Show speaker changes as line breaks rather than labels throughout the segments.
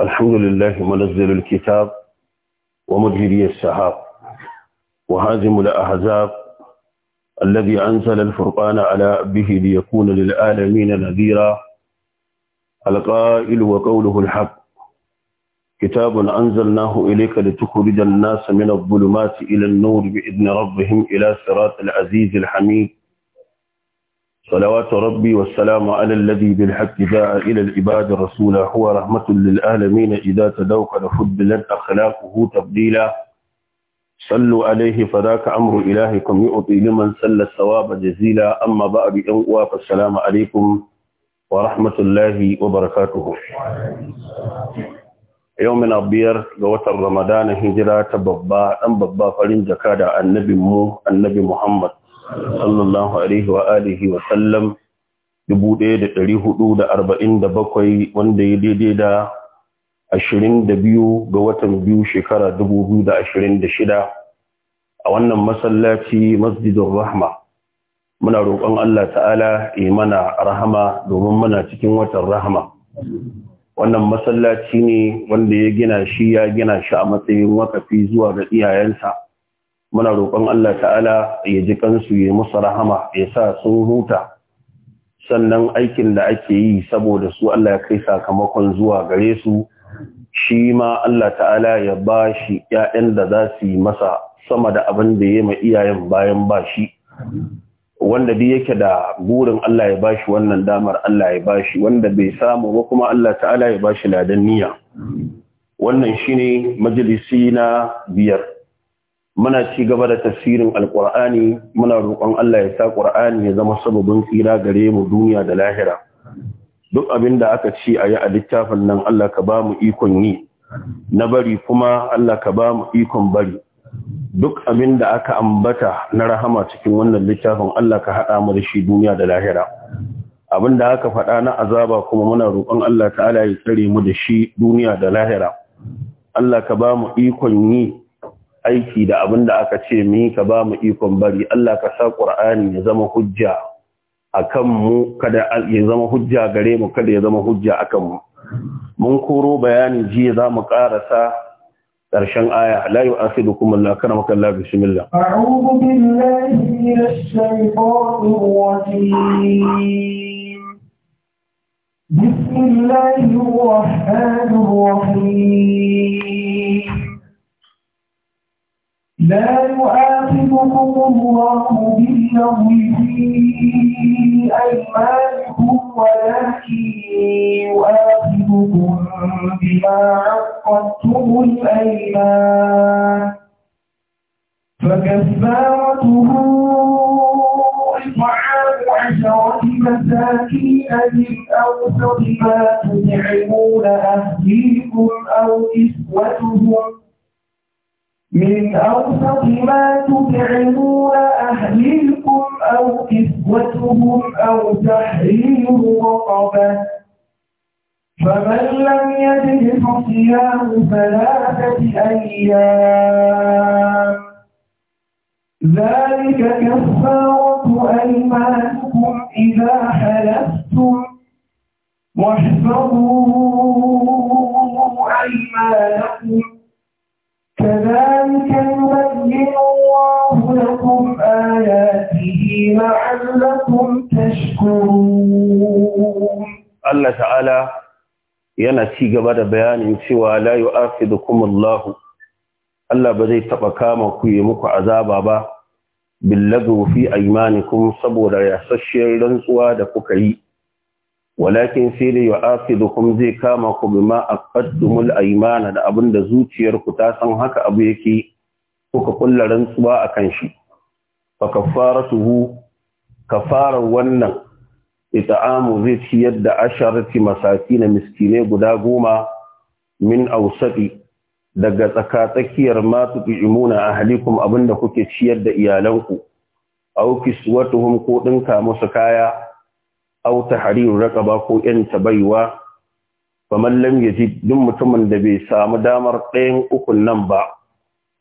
الحمد لله منزل الكتاب ومجري السحاب وهازم الأحزاب الذي أنزل الفرقان على به ليكون للعالمين نذيرا القائل وقوله الحق كتاب أنزلناه إليك لتخرج الناس من الظلمات إلى النور بإذن ربهم إلى صراط العزيز الحميد صلوات ربي والسلام على الذي بالحق جاء إلى العباد رسولا هو رحمة للآلمين إذا تدوكل لن أخلاقه تبديلا صلوا عليه فذاك أمر إلهكم يؤطي لمن سل الثواب جزيلا أما بعد أنقوا فالسلام عليكم ورحمة الله وبركاته يوم أبير قوات رمضان هجرة ببا أم ببا فلن زكاة النبي مو النبي محمد sallallahu alaihi wa alihi wa sallam 1447 wanda ya daidai da 22 ga watan biyu shekara da shida, a wannan masallaci masjidin rahma muna roƙon Allah ta'ala yi mana rahama domin muna cikin watan rahama wannan masallaci ne wanda ya gina shi ya gina shi a matsayin wakafi zuwa ga iyayensa muna roƙon Allah ta'ala ya ji kansu ya musu rahama ya sa sun huta sannan aikin da ake yi saboda su Allah ya kai sakamakon zuwa gare su shi ma Allah ta'ala ya ba shi ‘ya'yan da za su yi masa sama da abin da ya ma iyayen bayan ba shi wanda bi yake da burin Allah ya ba shi wannan damar Allah ya ba shi wanda bai samu ba kuma Allah ta'ala ya ba shi ladan niyya wannan shine majalisi na biyar muna ci gaba da tafsirin alkur'ani muna roƙon Allah ya sa ƙur'ani ya zama sababin tsira gare mu duniya da lahira duk abin da aka ci a yi a littafin nan Allah ka ba mu ikon yi na bari kuma Allah ka ba mu ikon bari duk abin da aka ambata na rahama cikin wannan littafin Allah ka haɗa mu da shi duniya da lahira abin da aka faɗa na azaba kuma muna roƙon Allah ta'ala ya tsare mu da shi duniya da lahira Allah ka ba mu ikon yi aiki da abin da aka ce mu ka ba mu ikon bari Allah ka sa Qur'ani ya zama hujja akan mu kada ya zama hujja gare mu kada ya zama hujja akan mu mun koro bayani jiya za mu karasa ƙarshen aya la yu'akhidukum Allah kana makalla bismillah
a'udhu billahi minash shaitanir rajim bismillahir rahmanir rahim لا يؤاخذكم الله باللغو في أيمانكم ولكن يؤاخذكم بما عقدتم الأيمان فكفارته إطعام عشرة مساكين من أوسط ما تطعمون أهليكم أو كسوتهم من أوسط ما تطعمون أهلكم أو كسوتهم أو تحرير رقبة فمن لم يجد فصيام ثلاثة أيام ذلك كفارة أيمانكم إذا حلفتم واحفظوا أيمانكم كذلك يبين الله لكم آياته لعلكم تشكرون
الله تعالى yana ci gaba da bayanin cewa la yu'afidukum Allah Allah ba zai taba kama ku yi muku azaba ba billagu fi aymanikum saboda yasasshiyar rantsuwa da kuka yi walakin sai da yu'aqidukum zai kama ku bima aqaddumul aymana da abin zuciyar zuciyarku ta san haka abu yake kuka kulla rantsuwa akan shi fa kaffaratuhu kafarar wannan ita'amu zai ciyar da asharati masafi na miskinai guda goma min ausati daga tsakatsakiyar matu tu'imuna ahlikum abinda kuke ciyar da iyalanku aw kiswatuhum ko dinka musu kaya aw tahriru raqaba ko yan tabaiwa faman lam yajid duk mutumin da bai samu damar ɗayan ukun nan ba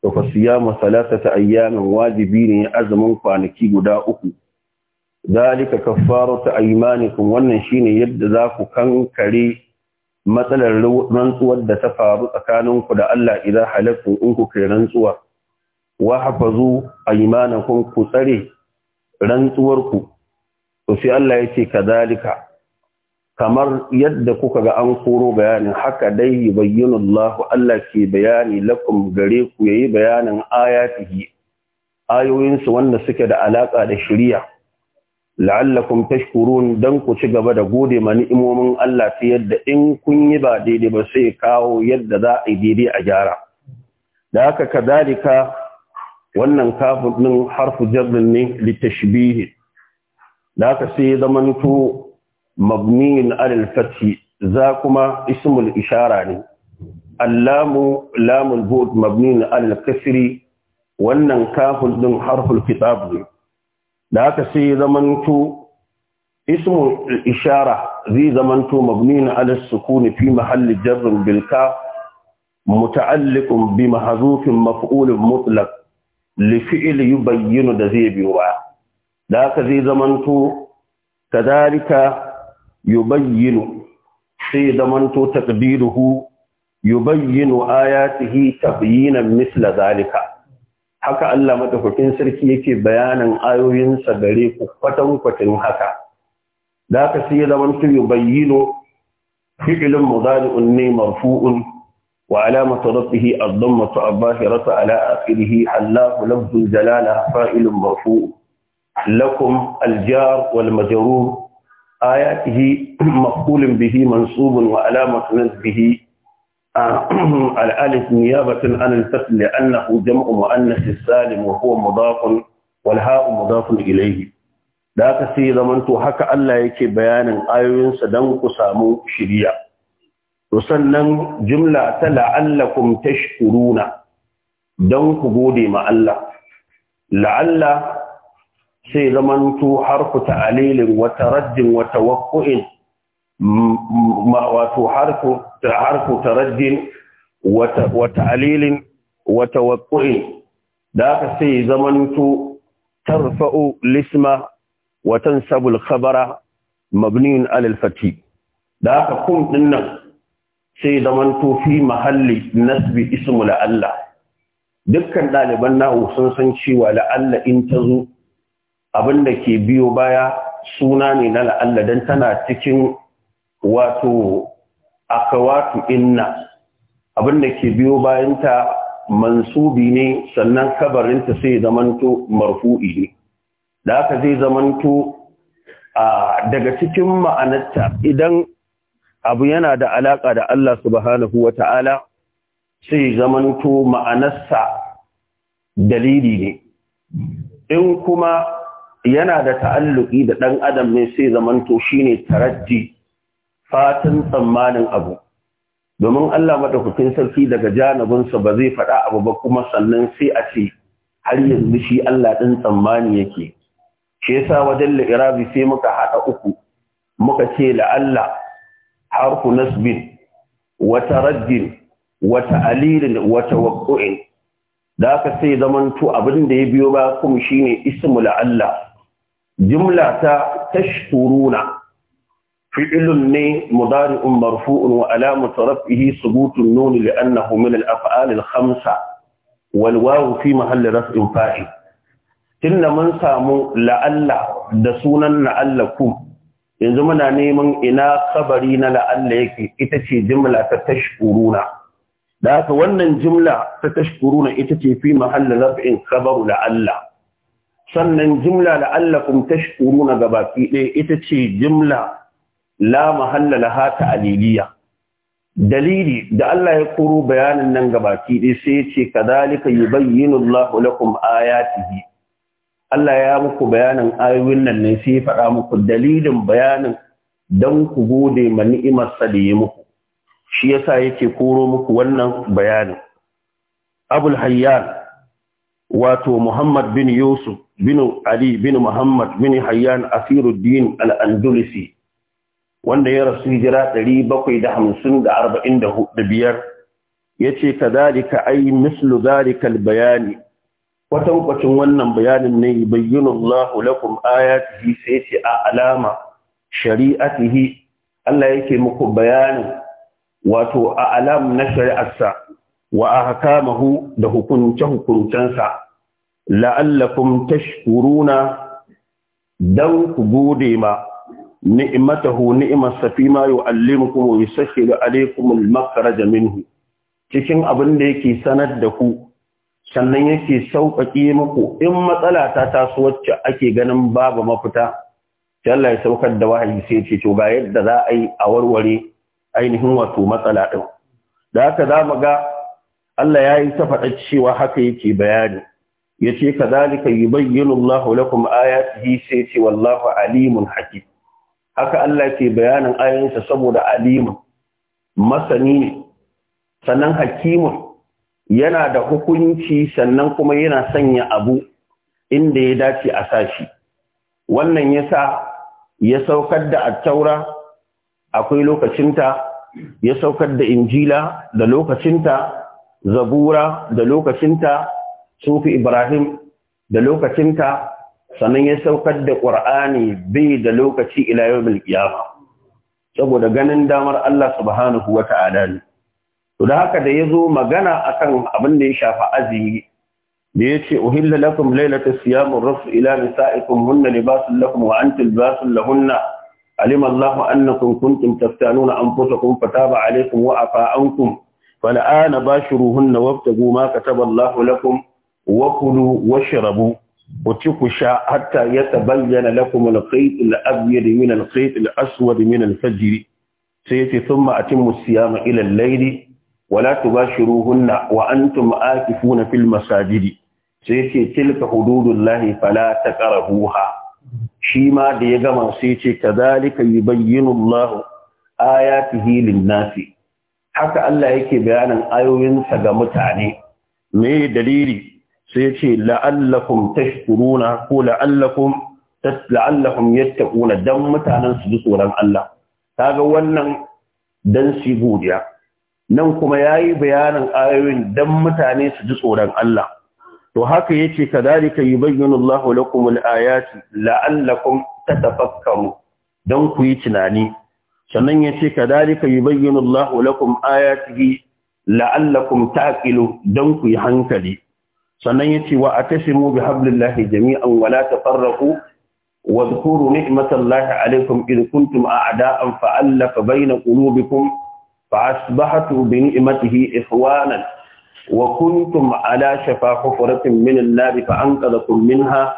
to fa siyamu salatata ayyamin wajibi ne azumin kwanaki guda uku zalika kaffaratu aymanikum wannan shine yadda za ku kankare matsalar rantsuwar da ta faru tsakaninku da Allah idan halattun in ku kai rantsuwa wa hafazu aymanakum ku tsare rantsuwarku to sai Allah ya ce kadalika kamar yadda kuka ga an koro bayanin haka dai bayyana Allah Allah ke bayani lakum gare ku yayi bayanin ayatihi ayoyinsu wanda suke da alaka da shari'a la'allakum tashkurun dan ku ci gaba da gode ma ni'imomin Allah ta yadda in kun yi ba daidai ba sai kawo yadda za a yi daidai a gyara da haka kadalika wannan kafin harfu jarrin ne litashbihi da aka sai zamanto mabniyin alal fathi za kuma ismul ishara ne allamu lamun bu'd mabniyin alal wannan kafin din harful kitab ne da aka sai zamanto ismul ishara zai zamanto mabniyin alal sukuni fi mahalli jarrin bil kaf متعلق بمحذوف مفعول مطلق لفعل يبين ذي بيوعه da haka zai zamanto kadalika yubayyinu sai zamanto taqdiruhu yubayyinu tihi tabyinan misla zalika haka Allah madaukakin sarki yake bayanin ayoyinsa gare ku kwatan haka da haka sai zamanto yubayyinu fi'lun muzari'un ne marfu'un وعلامة ربه الضمة الظاهرة على Allah, الله لفظ الجلالة فائل مرفوع lakum aljar wal majrur ayatihi maqulun bihi mansubun wa alamatu nasbihi الألف نيابة عن الفتح لأنه جمع مؤنث السالم وهو مضاف والهاء مضاف إليه da ka sai zamanto haka Allah yake bayanin ayoyinsa don ku samu shirya. To sannan jumla ta la'allakum tashkuruna Dan ku gode ma Allah. La'alla sai zamanto harfu ta'alilin wata raddin wata waƙo'in wato harfu harfu taraddin wa ta'alilin wa tawaqqu'in da aka sai zamantu tarfa'u lisma wa tansabu al-khabara mabniun 'ala al-fathi da ka kun dinnan sai zamantu fi mahalli nasbi ismu la'alla dukkan ɗaliban nahu sun san cewa la'alla in ta zo abin da ke biyo baya suna ne na la'alla don tana cikin wato akawatu inna abin da ke biyo bayanta mansubi ne sannan kabarinta sai zamanto marfu'i ne da aka zai zamanto daga cikin ma'anarta idan abu yana da alaƙa da Allah subhanahu wa ta'ala sai zamanto ma'anarsa dalili ne in kuma yana da ta'alluki da ɗan adam ne sai zamanto ne taraddi fatan tsammanin abu domin Allah madaukakin sarki daga janabinsa ba zai faɗa abu ba kuma sannan sai a ce har yanzu shi Allah ɗin tsammani yake Ke sa wajen la'irabi sai muka haɗa uku muka ce la'alla ku nasbin wata raddin wata alirin, wata waƙo'in da aka sai zamanto abin da ya biyo ba kuma shi shine ismu la'alla jumla ta tashkuruna fi'ilun ne mudari'un marfu'un wa alamu raf'ihi subutun nuni li'annahu min al-af'al al-khamsa wal wawu fi mahalli raf'in fa'il tunda mun samu la'alla da sunan la'allakum yanzu muna neman ina kabari na la'alla yake ita ce jimla ta tashkuruna da haka wannan jimla ta tashkuruna ita ce fi mahallin raf'in kabaru la'alla sannan jimla la'allakum tashkuruna gabaki ɗaya ita ce jimla la mahalla laha ta'aliliya dalili da Allah ya koro bayanin nan gabaki ɗaya sai ya ce kadhalika yubayyinu Allahu lakum ayatihi Allah ya muku bayanin ayoyin nan ne sai ya faɗa muku dalilin bayanin dan ku gode ma ni'imar sa da ya muku shi yasa yake koro muku wannan bayanin Abul Hayyan wato Muhammad bin Yusuf bin Ali bin Muhammad bin Hayyan Asiruddin al-Andalusi wanda ya rasu hijira 755 yace kadalika ay mislu zalika al-bayani kwatankwacin wannan bayanin ne bayyana Allah lakum ayatihi sai ce a alama shari'atihi Allah yake muku bayanin wato a alam na shari'arsa wa ahkamahu da hukunce hukuncensa la'allakum tashkuruna don ku gode ma ni'imatahu ni'marsa fi ma yi sashe da alaykum al-makhraja minhu cikin abin da yake sanar da ku sannan yake sauƙaƙe muku in matsala ta taso wacce ake ganin babu mafita sai ya saukar da wahayi sai ce to ga yadda za a yi a warware ainihin wato matsala ɗin. da haka za mu ga Allah ya yi ta faɗa cewa haka yake bayani yace kazalika yubayyinu Allahu lakum ayatihi sai ce wallahu alimun hakim haka Allah ke bayanin ayoyinsa saboda alimun masani ne sannan hakimun yana da hukunci sannan kuma yana sanya abu inda ya dace a sashi wannan yasa ya saukar da attaura akwai lokacinta ya saukar da injila da lokacinta zabura da lokacinta sufi ibrahim da lokacinta sannan ya saukar da ƙur'ani bai da lokaci ila yawmil saboda ganin damar Allah subhanahu wata'ala ne to da haka da ya zo magana akan abin da ya shafa azumi da yace uhilla lakum laylata siyam ar-rafs ila nisaikum hunna libasun lakum wa antum libasun lahunna alima Allah annakum kuntum taftanuna anfusakum fataba alaykum wa afa ruhun na wabta goma ka كتب الله lakum! wa kulu washrabu ku sha hatta yatabayyana lakum al-khayt al-abyad min al-khayt al-aswad min al-fajr sai yace thumma atimmu siyama ila al-layl wa la tubashiruhunna wa antum aakifuna fil masajid sai yace tilka hududullahi fala taqrabuha shi ma da ya gama sai yace kadhalika yubayyinu Allah ayatihi lin-nasi haka Allah yake bayanin ayoyinsa ga mutane me dalili sai ce la'allakum tashkuruna ko la'allakum la'allakum yattaquna dan mutanen su ji tsoron Allah kaga wannan dan su godiya nan kuma yayi bayanin ayoyin dan mutane su ji tsoron Allah to haka yace kadalika yubayyinu Allahu lakum al-ayati la'allakum tatafakkaru dan ku yi tunani sannan yace kadalika yubayyinu Allahu lakum ayatihi la'allakum taqilu dan ku yi hankali sannan ya ce wa a tashimu bi hablillahi jami'an wa la tafarraqu wa dhkuru ni'matallahi alaykum id kuntum a'da'an fa allafa bayna qulubikum fa asbahatu bi ni'matihi ikhwanan wa kuntum ala shafa hufratin min an-nar fa anqadhakum minha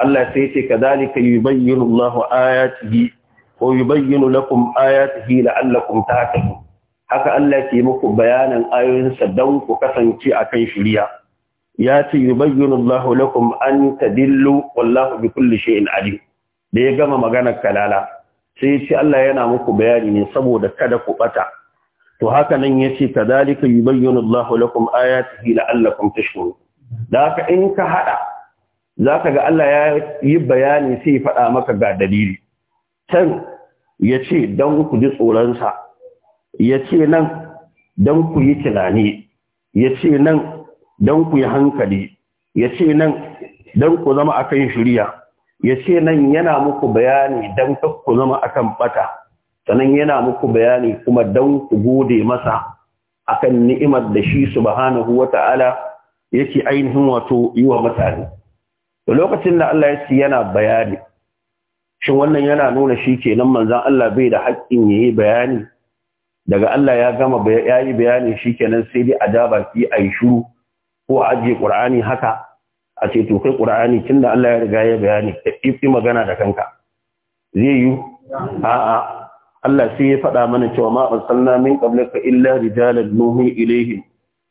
Allah sai ce kadhalika yubayyinu Allahu ayatihi wa yubayyinu lakum ayatihi la'allakum tahtadun haka Allah ke muku bayanan ayoyinsa don ku kasance akan shiriya ya ce bayyana Allah lakum an tadillu wallahu bi kulli shay'in alim da ya gama maganar kalala sai ya ce Allah yana muku bayani ne saboda kada ku bata to haka nan ya ce kadhalika yubayyinu Allah lakum ayatihi la'allakum tashkurun da haka in ka hada zaka ga Allah ya yi bayani sai fada faɗa maka ga dalili can ya ce ku ji tsoronsa ya ce nan don ku yi tunani ya nan don ku yi hankali ya ce nan don ku zama akan shirya ya ce nan yana muku bayani don ku zama akan bata sannan yana muku bayani kuma don ku gode masa akan ni'imar da shi subhanahu ya yake ainihin wato yi wa mutane da lokacin da Allah ya ce yana bayani shin wannan yana nuna shi ke kenan manzon Allah bai da haƙƙin ya yi bayani daga Allah ya gama ya yi bayani shi kenan sai dai a jaba ki a yi shuru ko a ajiye ƙur'ani haka a ce to kai ƙur'ani tun da Allah ya riga ya bayani yi magana da kanka zai yi a'a Allah sai ya faɗa mana cewa ma arsalna min qablaka illa rijalan nuhi ilaihim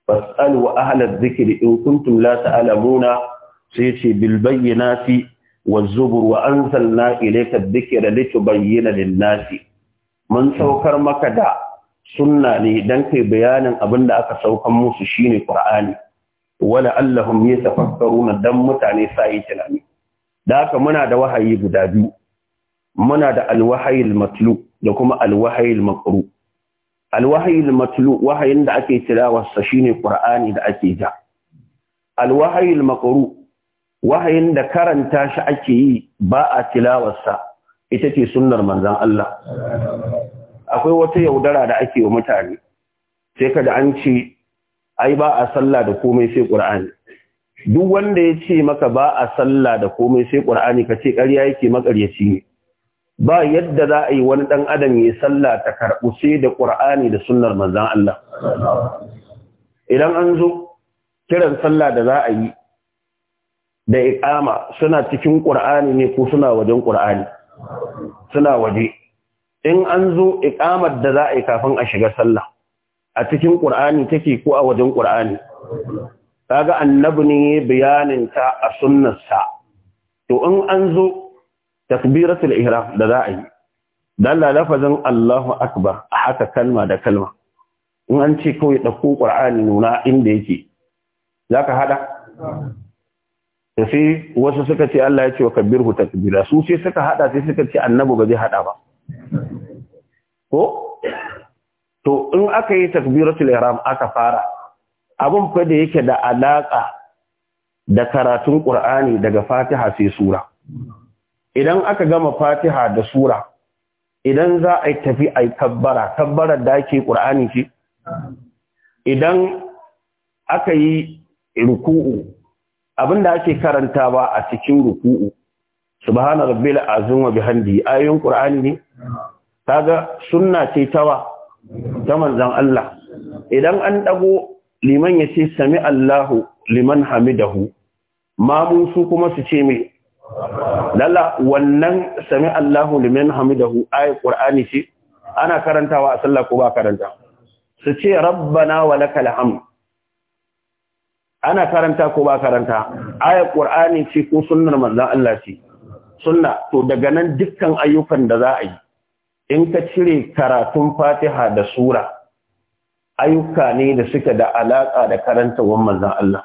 fas'alu ahla dhikri in kuntum la ta'lamuna sai ce bil bayyinati والزبر وأنزلنا إليك الذكر لتبين للناس من سوكر مكدا kai bayanin بيانا أبن aka سوكا musu shine qur'ani. wala allahum yatafakkaruna dan mutane sai tunani da haka muna da wahayi guda biyu muna da alwahayil matlu da kuma alwahayil maqru alwahayil matlu wahayin da ake tilawarsa shine qur'ani da ake ja alwahayil maqru wahayin da karanta shi ake yi ba a tilawarsa ita ce sunnar manzon Allah. Akwai wata yaudara da ake wa mutane, sai kada an ce ai ba a sallah da komai sai qur'ani duk wanda ya ce maka ba a sallah da komai sai qur'ani kace ce ƙarya yake makaryaci ne ba yadda za a yi wani dan adam ya sallah ta karbu sai da qur'ani da sunnar manzon Allah idan an zo kiran sallah da za a yi da iqama suna cikin qur'ani ne ko suna wajen qur'ani suna waje in an zo iqamar da za a yi kafin a shiga sallah a cikin ƙur'ani take ko a wajen ƙur'ani kaga annabi ne bayanin ta a sunnarsa to in an zo takbiratul ihram da za a yi dan lafazin Allahu akbar a haka kalma da kalma in an ce kawai ɗauko ƙur'ani nuna inda yake za ka haɗa sai wasu suka ce Allah ya ce wa kabbir takbira su sai suka haɗa sai suka ce annabi ba zai haɗa ba ko to in aka yi takbiratul ihram aka fara abun fa da yake da alaka da karatun qur'ani daga fatiha sai sura idan aka gama fatiha da sura idan za a tafi a yi kabbara kabbarar da ake qur'ani ce idan aka yi ruku'u abinda ake karanta ba a cikin ruku'u subhana rabbil azim wa bihamdi ayoyin qur'ani ne kaga sunna ce tawa ta manzan Allah idan an dago liman ya ce sami Allahu liman hamidahu mamun su kuma su ce mai lalla wannan sami Allahu liman hamidahu ayi qur'ani ce ana karantawa a sallah ko ba karanta su ce rabbana wa lakal hamd ana karanta ko ba karanta ayi qur'ani ce ko sunnar Manzan Allah ce sunna to daga nan dukkan ayyukan da za a yi in ka cire karatun fatiha da sura ayyuka ne da suka da alaƙa da karantawan manzan Allah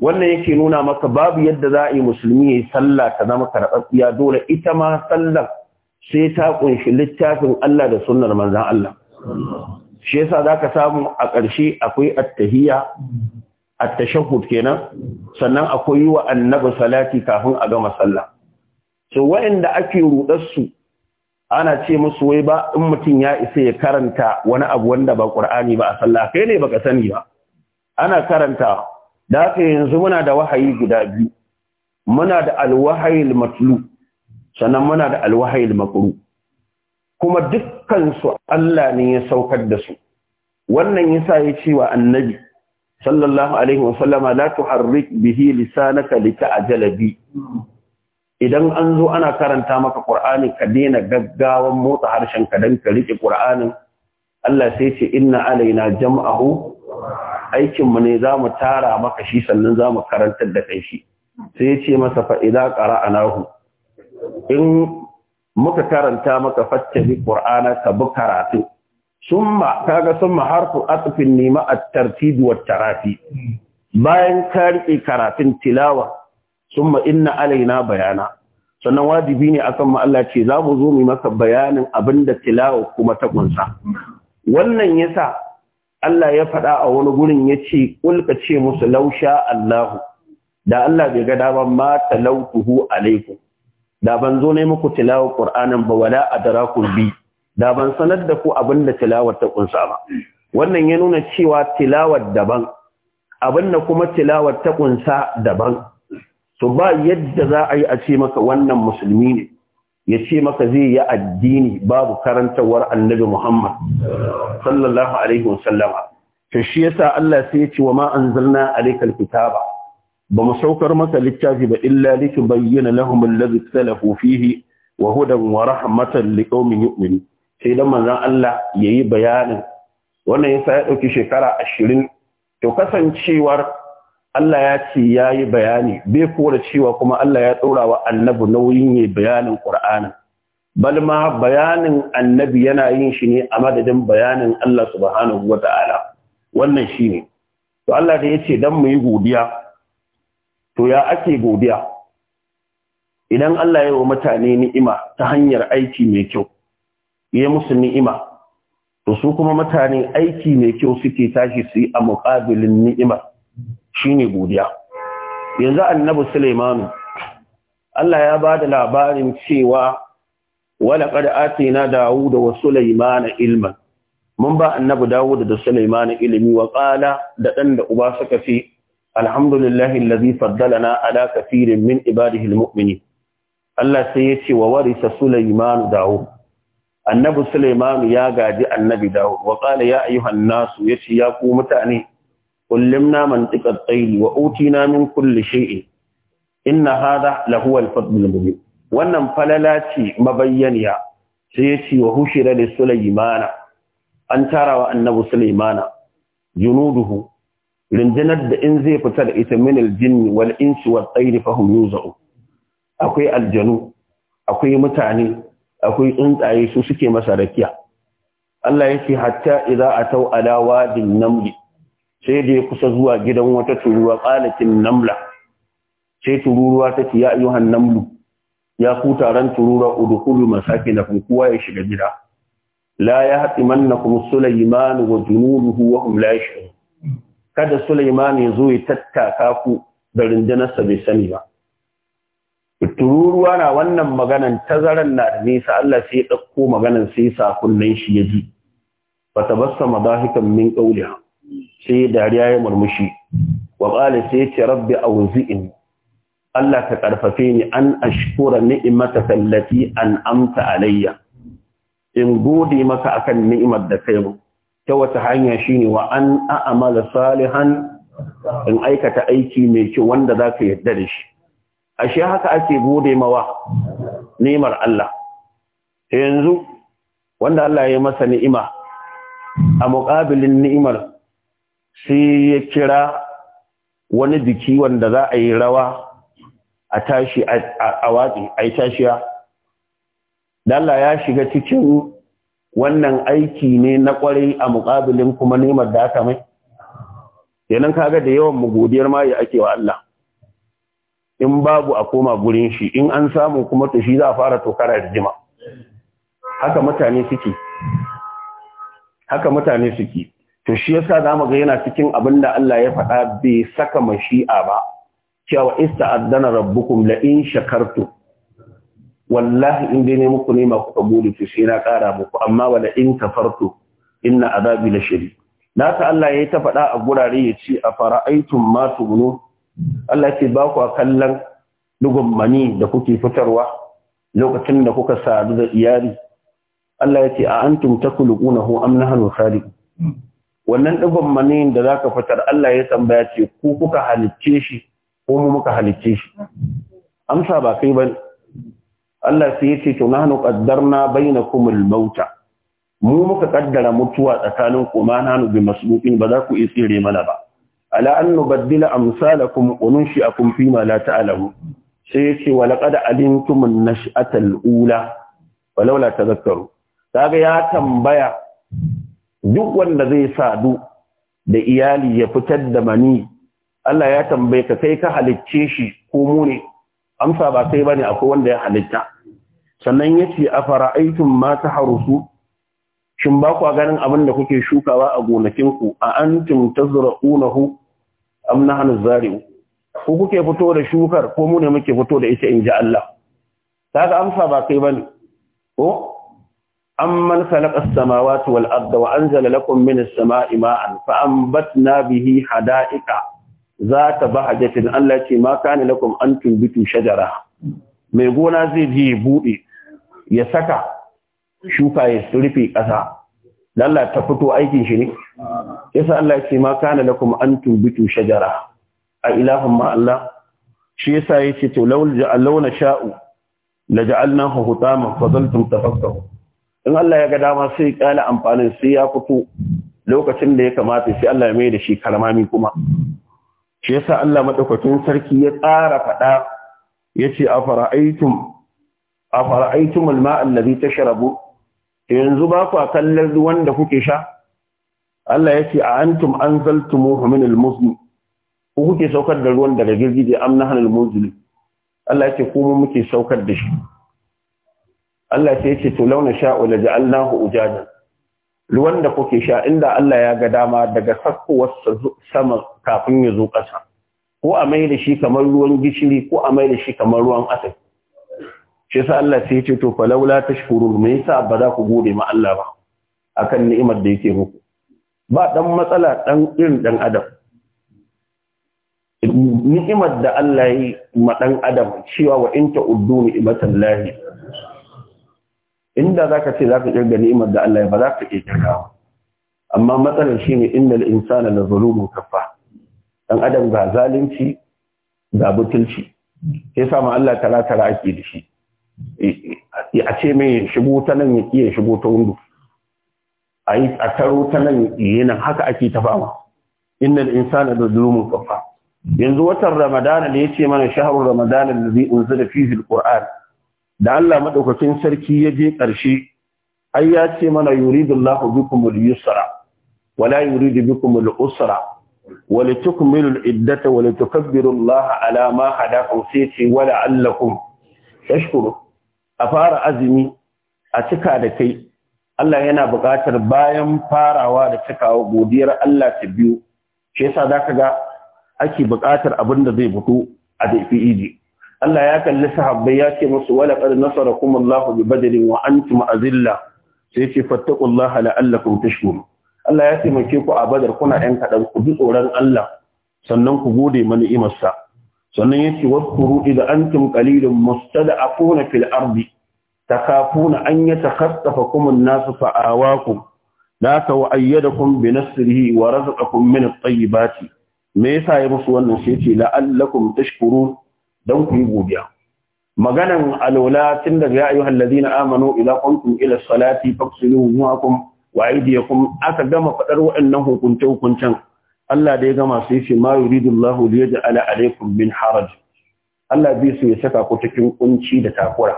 wannan yake nuna maka babu yadda za a yi musulmi ya sallah ta zama karɓaɓɓiya dole ita ma sallah sai ta ƙunshi littafin Allah da sunnar manzan Allah shi yasa za ka samu a ƙarshe akwai attahiyya tashahud kenan sannan akwai yi wa annabi salati kafin a gama sallah so waɗanda ake rudar su ana ce musu wai ba in mutum ya isa ya karanta wani abu wanda ba ƙur'ani ba a sallah kai ne baka sani ba ana karanta da haka yanzu muna da wahayi guda biyu muna da alwahayil matlu sannan muna da alwahayil makru kuma dukkan su Allah ne ya saukar da su wannan yasa ya ce wa annabi sallallahu alaihi wasallama la tuharrik bihi lisanaka lita'jala bi idan an zo ana karanta maka Qur'ani ka daina gaggawan motsa harshen ka dan ka rike ƙur'anin. Allah sai ce inna alaina jam'ahu aikin mu ne zamu tara maka shi sannan zamu karantar da kai shi sai ya ce masa fa idza qara'anahu in muka karanta maka bi Qur'ana ka bi karatu summa kaga summa harfu atfin nima at-tartib wat tarafi bayan ka rike karatun tilawa summa inna alaina bayana sannan wajibi ne akan mu Allah ce za mu zo mu maka bayanin abin da tilawa kuma ta kunsa wannan yasa Allah ya faɗa a wani gurin ya ce ƙulka ce musu lausha Allahu da Allah bai ga daban ma talautuhu alaikum da ban zo ne muku tilawa Qur'anin ba wala adrakul bi da ban sanar da ku abin da tilawar ta kunsa ba wannan ya nuna cewa tilawar daban abin da kuma tilawar ta kunsa daban to ba yadda za a yi a ce maka wannan musulmi ne ya ce maka zai yi addini babu karantawar annabi Muhammad sallallahu alaihi wasallama to shi yasa Allah sai ya ce wa ma anzalna alaykal kitaba ba mu saukar maka littafi ba illa litubayyana lahum alladhi ikhtalafu fihi wa hudan wa rahmatan liqaumin yu'minun sai dan manzon Allah yayi bayanin wannan yasa ya dauki shekara 20 to kasancewar Allah ya ce ya yi bayani bai kora cewa kuma Allah ya ɗora wa annabi nauyin yi bayanin Ƙur'anin. Bal ma bayanin annabi yana yin shi ne a madadin bayanin Allah subhanahu wa ta'ala. Wannan shi ne. To Allah da ya ce don mu yi godiya, to ya ake godiya. Idan Allah ya wa mutane ni'ima ta hanyar aiki mai kyau, ya musu ni'ima, to su kuma mutane aiki mai kyau suke tashi su yi a mukabilin ni'imar. shine godiya yanzu annabi Sulaimanu Allah ya ba da labarin cewa wala qad atina Dawuda wa Sulaimana ilman mun ba annabi Dawud da sulaiman ilimi wa qala da dan da uba suka ce alhamdulillahi allazi faddalana ala kathirin min ibadihi almu'minin Allah sai ya ce wa warisa Sulaimanu Dawud annabi Sulaimanu ya gaji annabi Dawud wa qala ya ayyuhan nasu yace ya ku mutane Kullum naman tayri wa utina min kulle shay'in inna hadha lahu al-fadl wannan falala ce mabayyaniya sai ya ce wa hushira li sulaymana an tarawa annabi sulaimana junuduhu rinjinar da in zai fita da ita min aljinni wal insi wat tayri fa yuzau akwai aljanu akwai mutane akwai tsuntsaye su suke masa rakiya Allah ya ce hatta idza atau ala wadin namli sai da ya kusa zuwa gidan wata turuwa ƙalakin namla sai tururuwa ta ce ya Yohan namlu ya ku taron turura udkhulu na kowa ya shiga gida la ya kuma sulayman wa junuduhu wa hum la yash'urun kada sulayman ya zo ya tattaka ku da rundunarsa bai sani ba tururuwa na wannan maganan tazaran na da nisa Allah sai ya ɗauko maganan sai sakunan shi ya ji fa tabassama dahikan min ƙauliya sai dariya ya murmushi wa qala sai ce rabbi awzi'ni Allah ka karfafe ni an ashkura tallafi allati an'amta alayya in gode maka akan ni'imar da kai mu ta wata hanya shine wa an a'mala salihan in aikata aiki mai kyau wanda zaka yarda da shi ashe haka ake gode mawa ni'imar Allah yanzu wanda Allah ya masa ni'ima a muƙabilin ni'imar sai ya kira wani biki wanda za a yi rawa a tashi a watsi a yi tashiya dalla ya shiga cikin wannan aiki ne na kwarai a mukabilin kuma neman da aka mai Yanin kaga da yawan mu godiyar ma ya ake wa Allah in babu a koma gurin shi in an samu kuma to za a fara tokara da jima haka mutane suke haka mutane suke to shi yasa zamu ga yana cikin abin da Allah ya faɗa bai saka mashi'a ba cewa ista'adana rabbukum la in shakartum wallahi in dai ne muku ne ma ku kabuli to sai na ƙara muku amma wala in kafartu inna azabi la shadid na ta Allah yayi ta faɗa a gurare ya ce a fara'aitun ma tubnu Allah ce ba ku kallon dugummani da kuke fitarwa lokacin da kuka sadu da iyali Allah ya ce a antum takulunahu am nahnu khaliqun wannan ɗiban maniyin da zaka fitar Allah ya tambaya ce ku kuka halicce shi ko mu muka halicce shi amsa ba kai bane Allah sai ya ce to nahnu qaddarna bainakum mauta mu muka kaddara mutuwa tsakanin ku ma nahnu bi masbuqin ba za ku yi tsire mana ba ala an nubaddila amsalakum wa nunshi'akum fi ma la ta'lamu sai yace wa laqad alimtum an-nash'ata al-ula walaula tadhakkaru kaga ya tambaya duk wanda zai sa du da iyali ya fitar da mani Allah ya tambaye ka kai ka halicce shi ko mu ne amsa ba sai bane akwai wanda ya halitta sannan yace afara'aytum ma taharusu shin ba ku ganin abin da kuke shukawa a gonakin ku a antum tazra'unahu am nahnu zari'u ku kuke fito da shukar ko mu ne muke fito da ita inji Allah kaga amsa ba kai bane ko amman khalaqa as-samawati wal arda wa anzala lakum min as-sama'i ma'an fa anbatna bihi hada'iqa zata bahajatin Allah ce ma kana lakum an tunbitu shajara mai gona zai je bude ya saka shuka ya rufe ƙasa Allah ta fito aikin shi ne yasa Allah ce ma kana lakum an tubitu shajara a ilahun ma Allah shi yasa yace to law ja'alna sha'u la ja'alnahu hutaman fa zaltum tafakkaru in Allah ya ga dama sai kyala amfanin sai ya fito lokacin da ya kamata sai Allah ya mai da shi karmami kuma shi yasa Allah madaukakin sarki ya tsara fada yace afara'aytum afara'aytum al alladhi tashrabu yanzu ba ku kallon ruwan da kuke sha Allah yace a antum anzaltumuhu min almuzni ku kuke saukar da ruwan daga girgije amna hanal muzli Allah yake kuma muke saukar da shi Allah sai ya ce to launa sha'u la Allahu ujajan ruwan da kuke sha inda Allah ya ga dama daga sakkowar sama kafin ya zo ƙasa ko a mai da shi kamar ruwan gishiri ko a mai da shi kamar ruwan asali shi sa Allah sai ya ce to fa falawla tashkurun me yasa ba za ku gode ma Allah ba akan ni'imar da yake muku ba dan matsala dan irin dan adam ni'imar da Allah ya yi ma dan adam cewa wa in ta'uddu ni'matallahi inda zaka ce zaka kirga ni'imar da Allah ya ba zaka iya kirgawa amma matsalar shine innal insana la zulumun kafa dan adam ga zalunci ga butulci sai sa Allah tara tara ake da shi a ce mai shigo ta nan ya iya shigo ta wundu a a taro ta nan yana haka ake ta fama innal insana da zulumin kafa yanzu watan ramadana da ya ce mana shaharun ramadana da zai unzila fihi alquran da Allah madaukakin sarki ya je ƙarshe ai ya ce mana yuridullahu bikumul yusra wala yuridu bikumul usra ولتكملوا العدة ولتكبروا الله Wala ما هداكم a fara azumi a cika da kai, Allah yana buƙatar bayan farawa da cikawa godiyar Allah ta biyu, shi yasa za ga ake buƙatar abin da zai fito a dafi iji. Allah ya kalli sahabbai ya ce musu wala qad nasarakum Allahu bi badrin wa antum azilla sai ce fattaqullaha la'allakum tashkurun Allah ya taimake ku a badar kuna ɗan kaɗan ku bi tsoron Allah sannan ku gode mani imarsa sannan ya ce wasu idza antum qalilun mustada'afuna fil ardi takafuna an yatakhaffafakum an-nasu fa'awakum la tawayyadakum bi nasrihi wa razaqakum min at-tayyibati me yasa ya musu wannan sai ce la'allakum tashkurun don ku yi gobiya maganan alwala tun daga ya ayyuhal na amanu idza qumtum ila salati faghsilu wujuhakum wa kuma aka gama faɗar wa'annan hukunce hukuncen Allah da ya gama sai shi ma yuridullahu liyaj'ala alaikum bin haraj Allah bai su ya saka ku cikin kunci da takura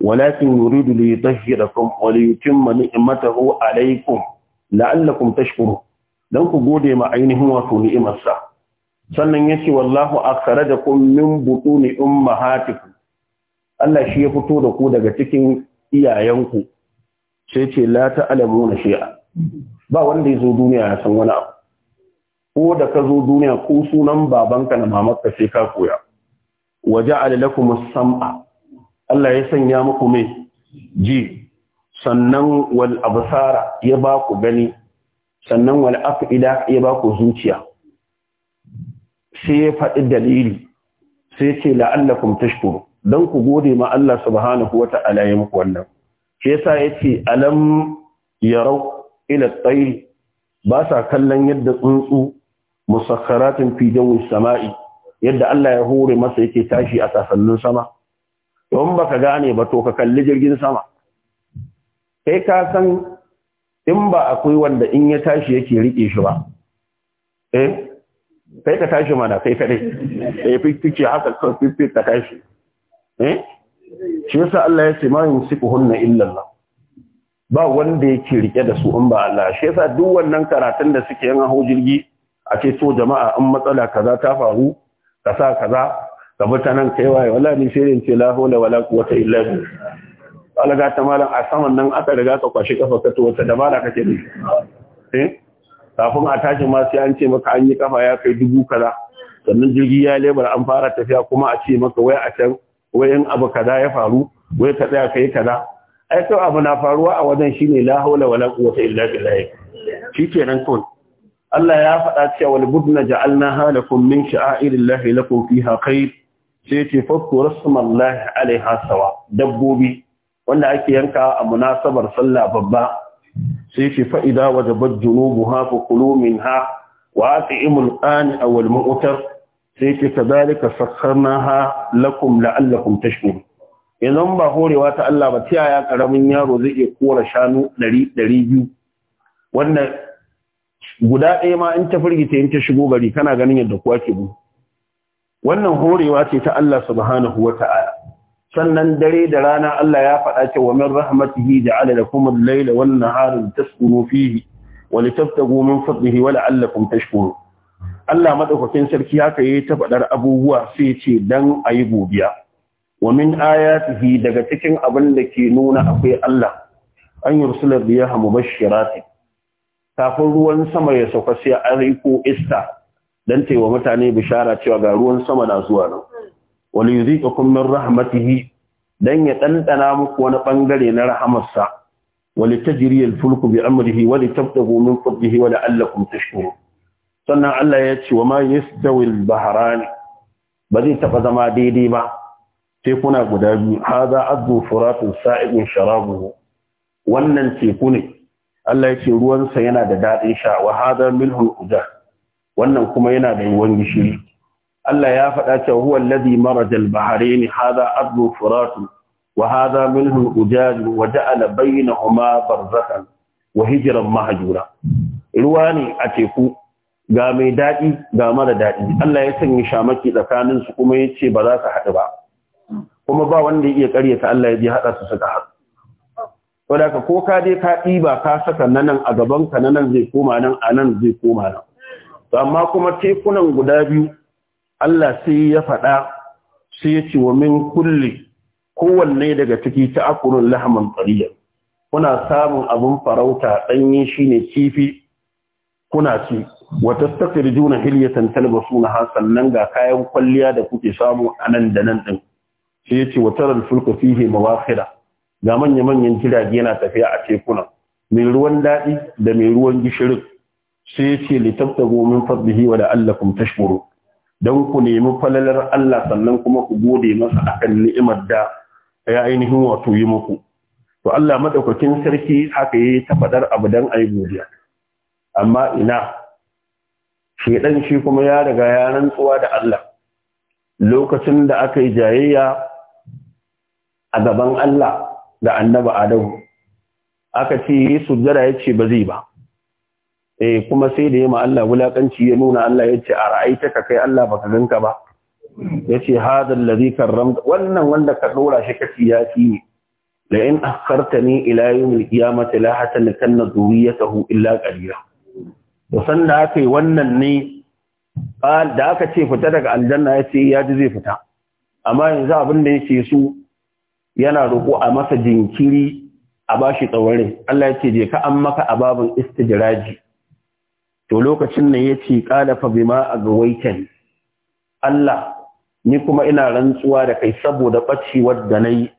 walakin yuridu Wani yutahhirakum mani in mata ni'matahu alaikum, la'allakum tashkuru. dan ku gode ma ainihin wato ni'imarsa sannan yake wallahu akhrajakum min butuni ummahatikum Allah shi ya fito da ku daga cikin iyayenku sai ce la ta'lamuna shay'a ba wanda ya zo duniya ya san wani abu ko da ka zo duniya ko sunan babanka na mamarka sai ka koya waja'al lakum as-sam'a Allah ya sanya muku mai ji sannan wal absara ya ba ku gani sannan wal afida ya ba ku zuciya sai ya faɗi dalili sai ce la'allakum tashkuru dan ku gode ma Allah subhanahu wata'ala ya muku wannan shi yasa yace alam yarau ila at ba sa kallon yadda tsuntsu musakharatin fi jawi sama'i yadda Allah ya hore masa yake tashi a sasannin sama don baka gane ba to ka kalli jirgin sama kai ka san in ba akwai wanda in ya tashi yake rike shi ba eh kai ka tashi mana kai kadai da ya ce haka kan fifi ka tashi eh shi yasa Allah ya ce ma hunna illa Allah ba wanda yake rike da su in ba Allah shi yasa duk wannan karatun da suke yin aho jirgi a ce so jama'a in matsala kaza ta faru kasa kaza ka bi nan kai waye wala ni sai ce la hawla wala quwwata illa billah alaga ta malam a saman nan aka riga ka kwashi kafa ka to wata dabara kake da eh kafin a tashi ma sai an ce maka an yi kafa ya kai dubu kaza sannan jirgi ya lebar an fara tafiya kuma a ce maka wai a can wai in abu kaza ya faru wai ka tsaya kai kaza ai to abu na faruwa a wajen shine la haula wala quwwata illa billah shikenan kun Allah ya faɗa cewa wal budna ja'alna halakum min sha'airillahi lakum fiha khair sai ce fakku rasmallahi alaiha sawa dabbobi wanda ake yanka a munasabar sallah babba sai ce fa'ida waje bajjuno buha fa kulo min ha wa ake imul ƙani a walmin sai ce ka zalika sassarna ha lakum la'allakum tashkuru yanzu ba horewa ta Allah ba ta yaya karamin yaro zai iya kora shanu biyu? wanda guda ɗaya ma in ta firgita in ta shigo gari kana ganin yadda kuwa ke bu wannan horewa ce ta Allah subhanahu wata'ala sannan dare da rana Allah ya faɗa ce wa min rahmatihi ja'ala lakum al-layla wan nahara litaskunu fihi wa litaftagu min fadlihi wa la'allakum tashkurun Allah madaukakin sarki haka yayi ta faɗar abubuwa sai ce dan ayi gobiya. wa min ayatihi daga cikin abin da ke nuna akwai Allah an yursula riyaha mubashshiratin kafin ruwan sama ya sauka sai an riko ista dan taiwa mutane bishara cewa ga ruwan sama na zuwa nan wal yudhiqukum min rahmatihi dan ya ɗanɗana muku wani ɓangare na rahamarsa wal tajri al fulku bi amrihi wal tabtahu min fadlihi wa la'allakum tashkurun sannan Allah ya ce wa ma yastawi al bahran ba zai taba zama daidai ba Tekuna guda biyu hadha azbu furatun sa'ibun sharabuhu wannan teku ne Allah ya ce ruwansa yana da daɗin sha wa hadha milhul ujar wannan kuma yana da ruwan gishiri Allah ya faɗa cewa huwa alladhi maraja haza bahrayn hadha adlu furatun وهذا منه أجاج Barzakan wa برزخا وهجرا Ruwa ne a teku ga mai daɗi ga mara daɗi Allah ya sanya shamaki tsakanin su kuma ya ce ba za su haɗu ba kuma ba wanda ya iya ƙaryata Allah ya ji haɗa su suka haɗu wadaka ko ka je ka ɗiba ka saka na nan a gaban ka na nan zai koma nan a nan zai koma nan to amma kuma tekunan guda biyu Allah sai ya faɗa sai ya ce wa min kulli kowanne daga ciki ta akurin lahaman tsariya kuna samun abin farauta ɗanye shine kifi kuna ci wata stakir juna hilyatan talba suna ha sannan ga kayan kwalliya da kuke samu a nan da nan ɗin sai ya ce wa tarar fulka fihe mawafira ga manya-manyan jirage yana tafiya a tekuna mai ruwan daɗi da mai ruwan gishirin sai ya ce litabta gomin fadlihi wa da allakum tashkuru dan ku nemi falalar Allah sannan kuma ku gode masa akan ni'imar da ya ainihin wato yi muku to Allah madaukakin sarki haka yayi ta fadar abu dan ayi godiya amma ina dan shi kuma ya riga ya rantsuwa da Allah lokacin da aka yi jayayya a gaban Allah da annabi Adamu aka ce su jira yace ba zai ba eh kuma sai da ma Allah wulakanci ya nuna Allah yace a ra'aita ka kai Allah baka ganka ba yace hadal ladhi karramta wannan wanda ka dora shi kaci ya fi la in akhartani ila yawmil qiyamati la kana dhuriyatahu illa qalila to san da aka wannan ne da aka ce fita daga aljanna yace ya ji zai fita amma yanzu abin da yake su yana roƙo a masa jinkiri a bashi tsawarin Allah yace ce je ka an maka ababun istijraji to lokacin nan ya ce, ƙalafa bima a agwaitan Allah ni kuma ina rantsuwa da kai saboda bacewar da nayi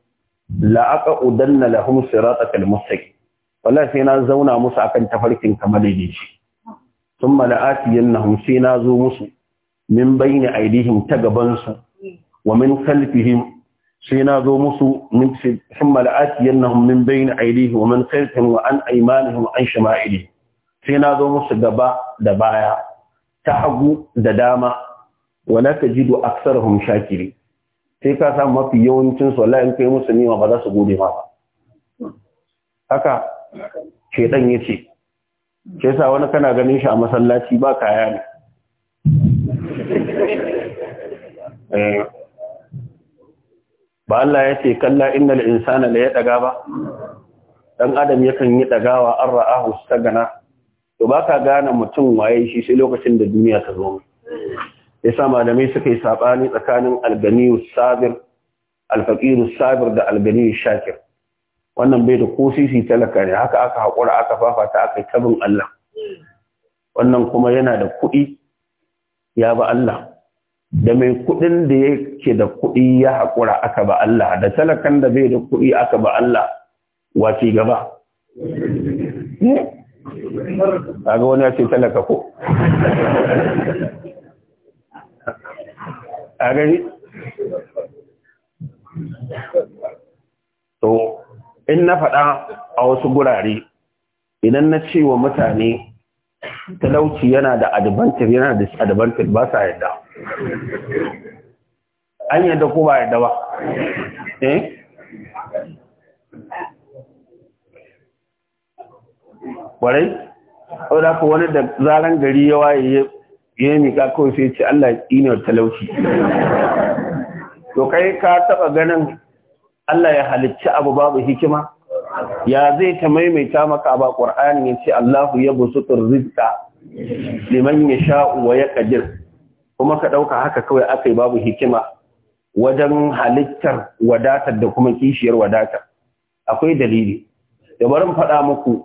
la aqudanna lahum siratal mustaqim Wala sai na zauna musu akan tafarkin kamar da shi thumma la'atiyannahum sai na zo musu min bayni aidihim ta gaban su wa min khalfihim sai na zo musu sun min thumma la'atiyannahum min bayni aidihim wa min khalfihim wa an aymanihim an shama'ilihim sai na zo musu gaba da baya ta hagu da dama wala aksar aksarhum shakiri sai ka samu mafi yawancin su wallahi in kai musu nima ba za su gode ma ba haka ya yace Ke sa wani kana ganin shi a masallaci ba kaya ne eh. ba Allah ya ce kalla innal insana la yadaga ba dan adam yakan yi dagawa an ra'ahu gana. to ba ka gane mutum waye shi sai lokacin da duniya ta zo ya sa malamai suka yi saɓani tsakanin alganiyu sabir alfaƙiru sabir da alganiyu shakir wannan bai da kosisi talaka ne haka aka haƙura aka fafata aka yi tabin Allah wannan kuma yana da kuɗi ya ba Allah da mai kuɗin da yake da kuɗi ya haƙura aka ba Allah da talakan da bai da kuɗi aka ba Allah wace gaba
eh? ga wani ya ce talaka
ko a gari to in na faɗa a wasu gurare idan na ce wa mutane talauci yana da advantage yana da disadvantage ba sa yadda an yadda ko ba yadda ba eh kwarai au da wani da zaran gari ya waye ya mika kawai sai ce Allah yi talauci to kai ka taba ganin Allah ya halicci abu babu hikima ya zai ta maimaita maka ba Qur'ani ya ce Allahu ya busutur rizqa liman ya yasha'u wa yaqdir kuma ka ɗauka haka kawai akai babu hikima wajen halittar wadatar da kuma kishiyar wadatar akwai dalili da barin faɗa muku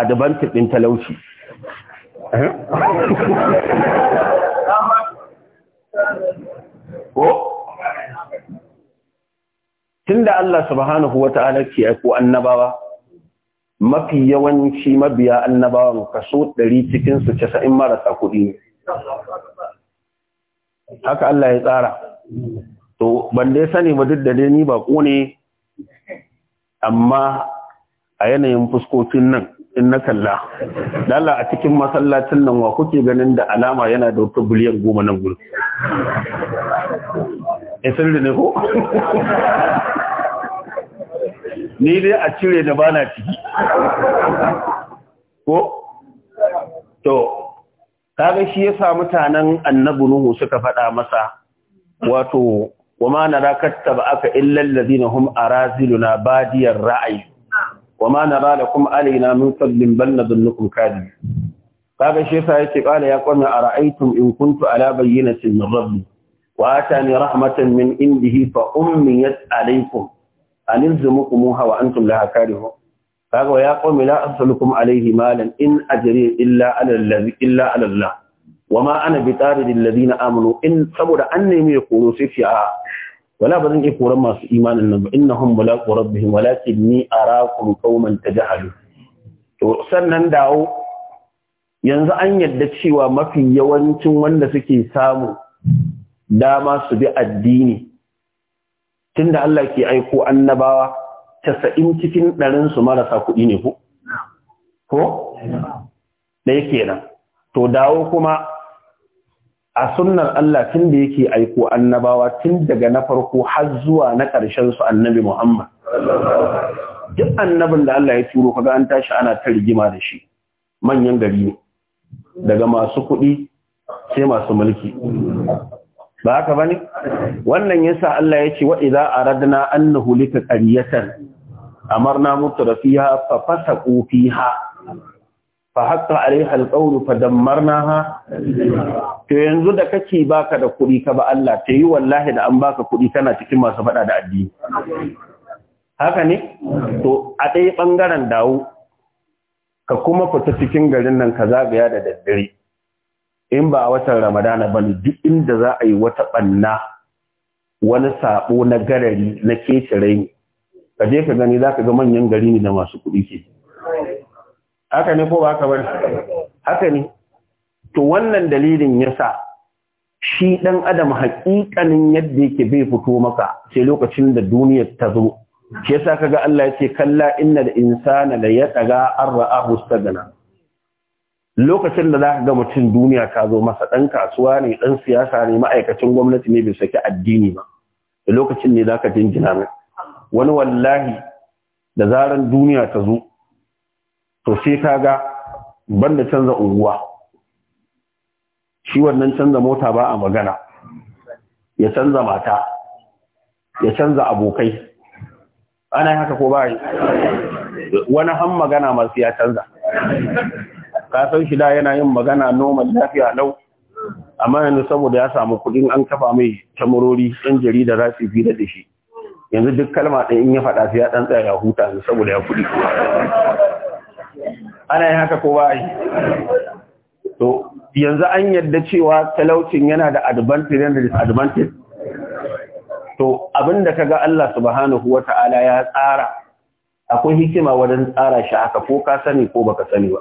advantage ɗin talauci ko tunda Allah subhanahu wata'ala ke aiko annabawa mafi yawanci mabiya annabawan kaso 100 cikin su marasa kuɗi ne. haka Allah ya tsara to ban dai sani ba duk da dai ni bako ne amma a yanayin fuskokin nan in na kalla lala a cikin masallacin nan wa kuke ganin da alama yana da wata biliyan goma nan gudu eh, isir da ne ko ni dai a cire da bana ciki ko to kaga shi yasa mutanen annabi nuhu suka faɗa masa wato wa ma rakatta ba aka illal ladina hum araziluna badiyar ra'ayi وما نرى kuma علينا من فضل بل نظنكم كاذبين kaga shi yasa yace kala ya qawmi ara'aytum in kuntu ala bayyinatin min rabbi wa atani rahmatan min indihi fa ummiyat alaykum anilzumukumha wa antum laha karihun kaga ya qawmi la as'alukum alayhi malan in ajri illa ala illa ala allah wama ana bitarid alladhina amanu in saboda an nemi ya koro sai fi a wala ba zan iya koran masu imanin nan ba innahum mulaqu rabbihim walakin ni arakum qauman tajhalu to sannan dawo yanzu an yadda cewa mafi yawancin wanda suke samu dama su bi addini tunda Allah ke aiko annabawa 90 cikin ɗarin su marasa kuɗi ne ko ko da yake to dawo kuma a sunnar Allah tun da yake aiko annabawa tun daga na farko har zuwa na ƙarshen su annabi Muhammad duk annabin da Allah ya turo kaga an tashi ana ta rigima da shi manyan gari ne daga masu kuɗi sai masu mulki ba haka bane wannan yasa Allah ya ce za a radina an nuhlika ƙaryatar, amarna mutrafiha fa ƙofi ha. fa haƙa alaiha alqawlu fa to yanzu da kake baka da kuɗi ka ba Allah ta yi wallahi da an baka kuɗi kana cikin masu faɗa da addini haka ne to a ɗaya ɓangaren dawo ka kuma fita cikin garin nan ka zagaya da daddare in ba a watan ramadana ba ne duk inda za a yi wata banna wani saɓo na garari na kece rai ka je ka gani za ka ga manyan gari ne da masu kuɗi ke haka ne ko ba ka bane haka ne to wannan dalilin yasa shi dan adam haƙiƙanin yadda yake bai fito maka sai lokacin da duniya ta zo shi yasa kaga Allah yace kalla innal insana la yataga arra'ahu stagna lokacin da zaka ga mutum duniya ta zo masa dan kasuwa ne dan siyasa ne ma'aikacin gwamnati ne bai saki addini ba da lokacin ne zaka jinjina mai wani wallahi da zaran duniya ta zo to sai ka ga banda canza unguwa shi wannan canza mota ba a magana ya canza mata ya canza abokai ana haka ko ba wani han magana masu ya canza kasan shi da yana yin magana noman lafiya lau amma yanzu saboda ya samu kudin an kafa mai tamurori, 'yan jarida za su fi da shi yanzu duk kalma ɗaya in ya faɗa sai ya ɗan tsaya ya huta saboda ya kuɗi ana yin haka ko ba yi to yanzu an yadda cewa talaucin yana da advantage da disadvantage to abinda kaga Allah subhanahu wata'ala ya tsara akwai hikima wajen tsara shi aka ko ka sani ko baka sani ba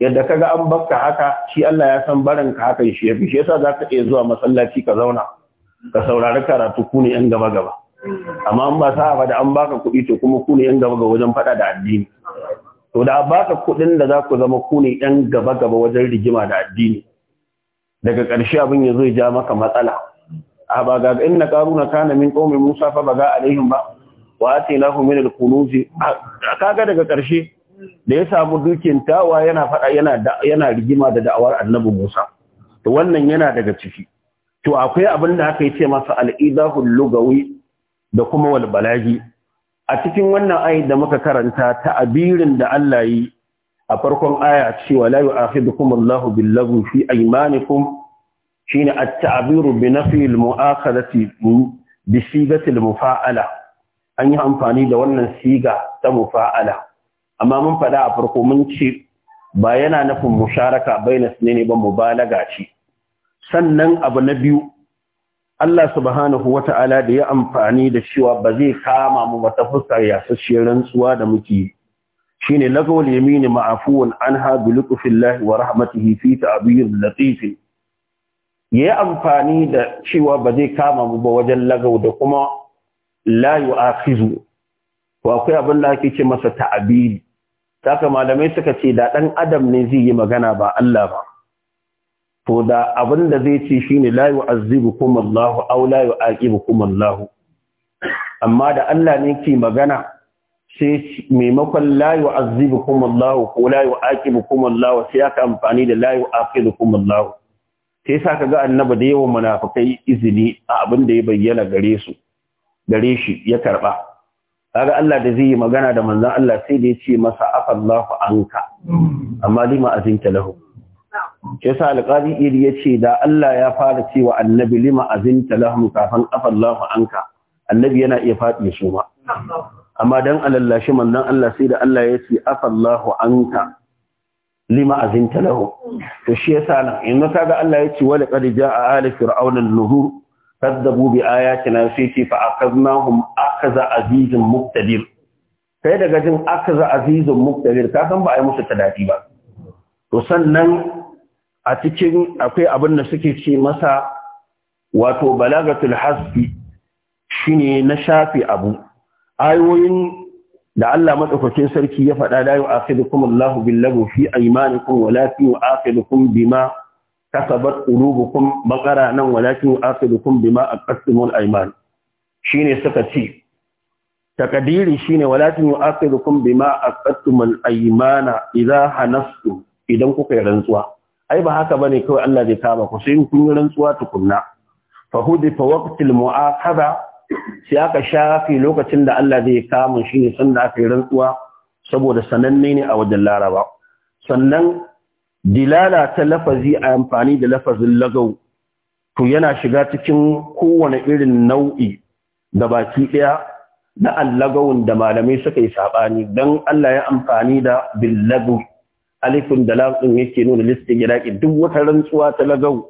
yadda kaga an baka haka shi Allah ya san barin ka hakan shi yafi shi yasa zaka iya zuwa masallaci ka zauna ka saurari karatu ku ne yan gaba gaba amma an ba sa ba da an baka kuɗi to kuma ku ne yan gaba gaba wajen faɗa da addini to da baka kudin da za ku zama ku ne ɗan gaba-gaba wajen rigima da addini daga ƙarshe abin ya zo ja maka matsala a ba ga in na na kana min ƙomi musa fa ba baga alaihim ba wa atainahu min al Ka kaga daga ƙarshe da ya samu dukin tawa yana faɗa yana yana rigima da da'awar annabi musa to wannan yana daga ciki to akwai abin da aka yi ce masa al lugawi da kuma wal balagi a cikin wannan ayi da muka karanta ta abirin da Allah yi a farkon aya cewa la yu'akhidukum Allahu billahu fi aymanikum shine at-ta'biru bi nafi al-mu'akhadati bi sigati al-mufa'ala an yi amfani da wannan siga ta mufa'ala amma mun fada a farko mun ce ba yana nufin musharaka bainas sunne ne ba mubalaga ce sannan abu na biyu Allah subhanahu wa ta'ala da ya amfani da cewa ba zai kama mu ba ta fuskar yasasshiyar rantsuwa da muke shi ne lagawar ne ma'afuwan an haɗu lukufin lahi wa rahmatihi fi ta'abiyyun latifin ya yi amfani da cewa ba zai kama mu ba wajen lagau da kuma layu a kizu wa akwai abin da ake ce masa ta'abiri ta malamai suka ce da ɗan adam ne zai yi magana ba Allah ba to da abin da zai ce shi shine la kuma Allah aw la kuma Allah amma da Allah ne ke magana sai maimakon la kuma Allah ko la kuma Allah sai aka amfani da la kuma Allah sai sa kaga annabi da yawan munafikai izini a abin da ya bayyana gare su gare shi ya karba kaga Allah da zai yi magana da manzon Allah sai da ya ce masa afallahu anka amma lima azinta lahu yasa alƙali iri ya ce da Allah ya fara cewa annabi lima azinta lahum kafan afallahu anka annabi yana iya faɗi shi ma amma dan alallashi manzon Allah sai da Allah ya ce afallahu anka lima azinta lahum to shi ya sa nan in ka ga Allah ya ce wala qad jaa ali fir'auna an Nuhu, kadzabu bi ayatina sai ce fa akhadnahum akhza azizun muqtadir kai daga jin akhza azizun muqtadir ka san ba a yi musu tadadi ba to sannan a cikin akwai abin da suke ce masa wato balagatul hasbi shine na shafi abu ayoyin da Allah madaukakin sarki ya faɗa da yau akhidukum Allahu billahu fi aymanikum wa la fi akhidukum bima kasabat qulubukum baqara nan wa la fi akhidukum bima aqasmul ayman shine suka ce takadiri shine wa la fi akhidukum bima aqasmul aymana idha hanastu idan kuka yi rantsuwa ai ba haka bane kawai Allah zai kama ku sai kun yi rantsuwa tukunna fa fa waqtil mu'aqaba sai aka shafi lokacin da Allah zai kama shi ne sanda aka yi rantsuwa saboda sananne ne a wajen Laraba sannan dilala ta lafazi a amfani da lafazin lagau to yana shiga cikin kowane irin nau'i da baki ɗaya na allagawun da malamai suka yi saɓani dan Allah ya amfani da billagu alifin da lamɗin yake nuna listin iraki duk wata rantsuwa ta lagau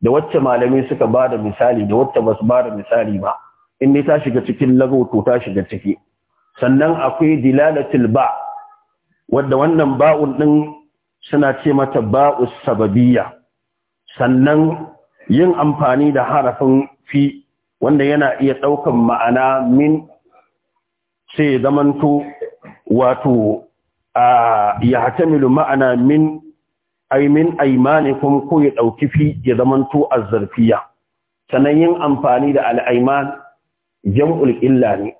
da wacce malamai suka ba da misali da wacce ba su ba da misali ba in ne ta shiga cikin lagau to ta shiga ciki sannan akwai dilalatul ba wadda wannan ba'un din suna ce mata ba'us sababiyya sannan yin amfani da harafin fi wanda yana iya ɗaukan ma'ana min sai zamanto wato ya ma'ana min min kuma ko ya dauki fi ya zamanto azzarfiya sannan yin amfani da ayman jam'ul illa ne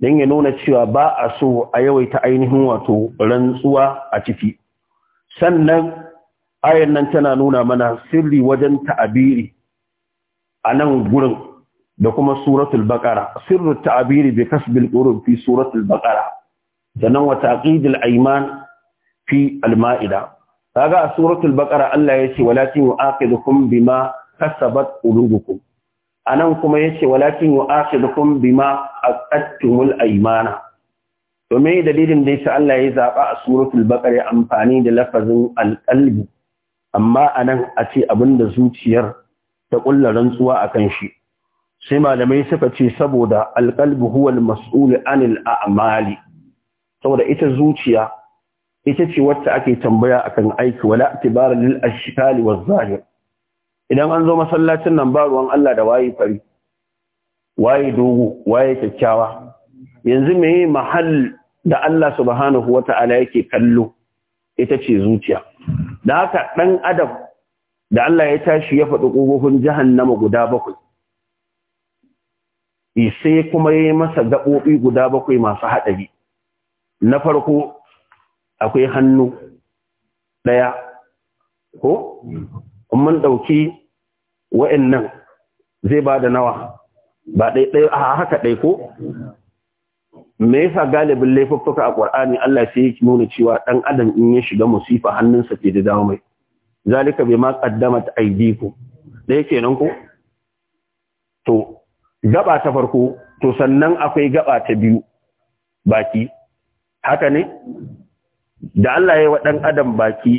don ya nuna cewa ba a so a yawaita ainihin wato rantsuwa a ciki sannan ayan nan tana nuna mana sirri wajen ta'abiri a nan gurin da kuma suratul baqara sirrul ta'abiri bi kasbil qurub fi suratul baqara sannan wa taqidil ayman fi al-ma'ida kaga a suratul baqara Allah yace walakin yu'aqidukum bima kasabat qulubukum anan kuma yace walakin yu'aqidukum bima aqattumul aymana to me dalilin da yace Allah ya zaba a suratul baqara amfani da lafazin al-qalbi amma anan a ce abinda zuciyar ta ƙulla rantsuwa akan shi sai malamai suka ce saboda alqalbu huwa al-mas'ul anil a'mali saboda ita zuciya ita ce wacce ake tambaya akan aiki wala atibara lil ashkali waz zahir idan an zo masallacin nan ba ruwan Allah da waye fari waye dogo waye kyakkyawa yanzu me mahal da Allah subhanahu wata'ala yake kallo ita ce zuciya da haka dan adam da Allah ya tashi ya faɗi ƙofofin jahannama guda bakwai sai kuma ya yi masa gaɓoɓi guda bakwai masu haɗari na farko akwai hannu ɗaya ko mun ɗauki wa'annan zai ba da nawa ba ɗaiɗai a haka ɗai ko me yasa galibin laifuffuka a ƙwar'ani Allah sai ya nuna cewa ɗan adam in ya shiga musifa hannunsa ke da dawo mai zalika bai ma ƙaddama ta aidiku ɗaya kenan ko to gaba ta farko to sannan akwai gaba ta biyu baki haka ne da Allah ya yi ɗan adam baki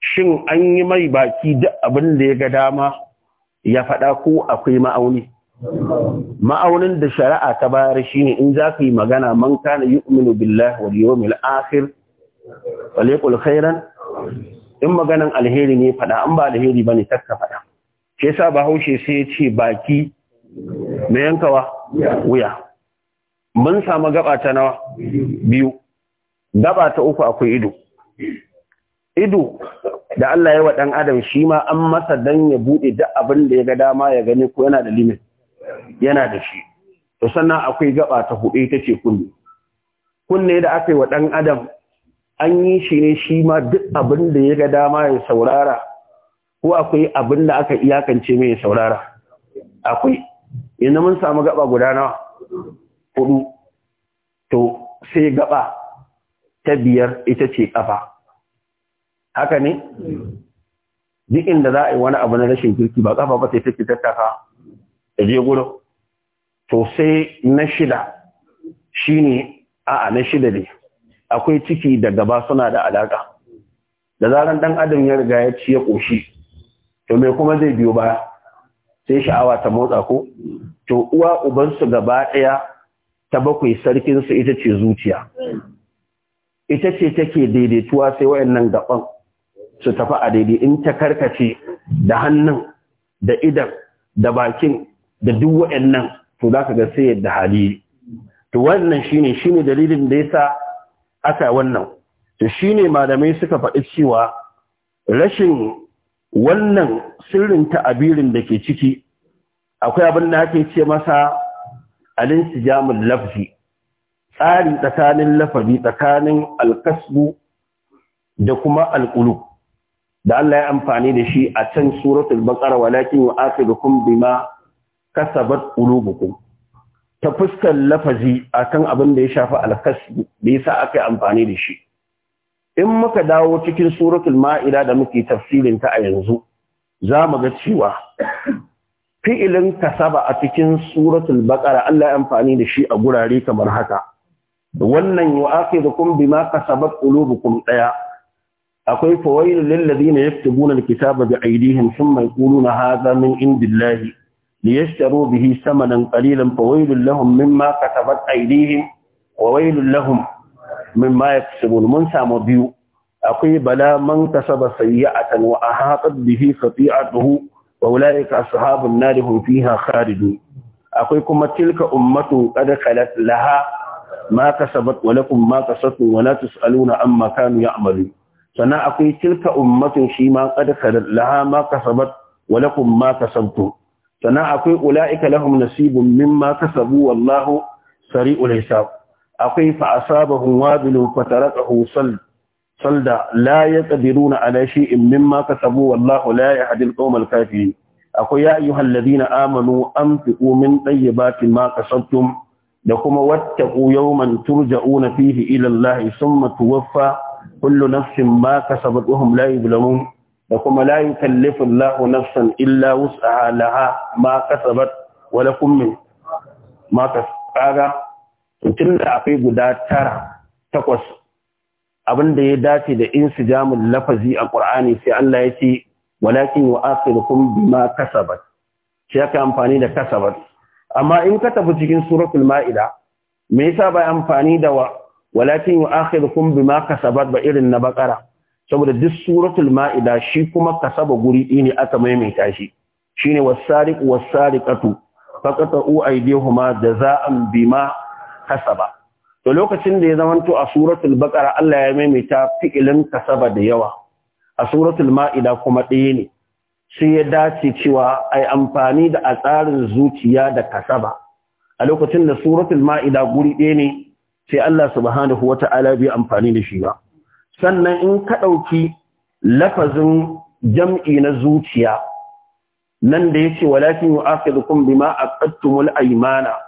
shin an yi mai baki duk abin da ya ga dama ya faɗa ko akwai ma'auni ma'aunin da shari'a ta bayar shi ne in za ka yi magana man kana yu'minu billahi wal yawmil akhir walekul khairan in maganan alheri ne faɗa an ba alheri ba ne, takka faɗa Ke sa ba haushe sai ya ce baki me yankawa wuya mun samu gaba ta nawa biyu gaba ta uku akwai ido ido da Allah ya wa ɗan adam shi ma an masa dan ya bude duk abin da ya ga dama ya gani ko yana da limit yana da shi to sannan akwai gaba ta hudu ita kunne kunne da aka yi wa ɗan adam an yi shi ne shi ma duk abin da ya ga dama ya saurara ko akwai abin da aka iyakance mai saurara akwai yanzu mun samu gaba guda nawa hudu to sai gaba ta biyar ita ce kafa haka ne duk inda za a yi wani abu na rashin kirki ba kafa ba sai take tattaka ta je gudu to sai na shida shine a'a na shida ne akwai ciki da gaba suna da alaka da zaran dan adam ya riga ya ci ya koshi to me kuma zai biyo baya sai sha'awa ta motsa ko to uwa ubansu gaba daya ta bakwai sarkinsu ita ce zuciya ita ce take daidaituwa sai wayannan gaban su tafi a daidai in ta karkace da hannun da idan da bakin da duk wayannan to za ka ga sai yadda hali to wannan shine shine dalilin da yasa aka wannan to shine malamai suka faɗi cewa rashin wannan sirrin ta ta'abirin da ke ciki akwai abin da ake ce masa al-insijamul lafzi tsari tsakanin lafazi tsakanin al-kasbu da kuma al-qulub da Allah ya amfani da shi a can suratul baqara walakin yu'aqibukum bima kasabat qulubukum ta fuskar lafazi akan abin da ya shafi al-kasbu da yasa aka amfani da shi in muka dawo cikin suratul ma'ida da muke tafsirin ta a yanzu za mu ga cewa fi'ilin kasaba a cikin suratul baƙara. Allah amfani da shi a gurare kamar haka wannan yu'akhidukum bima kasabat qulubukum ɗaya. akwai fawailul lil ladina yaktubuna alkitaba bi mai thumma na haza min indillahi liyashtaru bihi Fawailu qalilan fawailul ma kasabar kasabat Fawailu wa wailul ma ya yaksubun mun samu biyu akwai bala man kasaba sayyi'atan wa ahatat bihi khati'atuhu wa ulaika ashabun nar hum fiha khalidun akwai kuma tilka ummatu qad khalat laha ma kasabat wa lakum ma kasabtu wa la tusaluna amma kanu ya'malu sannan akwai tilka ummatu shi ma qad khalat laha ma kasabat wa lakum ma kasabtu sannan akwai ulaika lahum nasibun mimma kasabu wallahu sari'ul hisab akwai fa sanda la yaqdiruna ala shay'in mimma kasabu wallahu la yahdi al-qawmal kafirin akwai ya ayyuhal ladina amanu anfiqu min tayyibati ma kasabtum da kuma wattaqu yawman turja'una fihi ila Allah thumma tuwaffa kullu nafsin ma kasabat wa hum la bulamu. da kuma la yukallifu Allahu nafsan illa wus'aha laha ma kasabat wa lakum min ma kasabaga akwai guda tara takwas Abun da ya dace da insijamul lafazi a Qur'ani sai Allah ya ce walakin yu'akhirukum bima kasabat sai aka amfani da kasabat amma in ka tafi cikin suratul ma'ida me yasa bai amfani da wa walakin yu'akhirukum bima kasabat ba irin na bakara saboda duk suratul ma'ida shi kuma kasaba guri ne aka maimaita shi shine was-sariqu was-sariqatu faqatu aydihuma jazaa'an bima kasaba to lokacin da ya zamanto a suratul baqara Allah ya maimaita fi'ilin kasaba da yawa a suratul ma'ida kuma ɗaya ne sai ya dace cewa ai amfani da a tsarin zuciya da kasaba a lokacin da suratul ma'ida guri ɗaya ne sai Allah subhanahu ta'ala bai amfani da shi ba sannan in ka ɗauki lafazin jam'i na zuciya nan da yace walakin yu'akhidukum bima aqadtumul aimana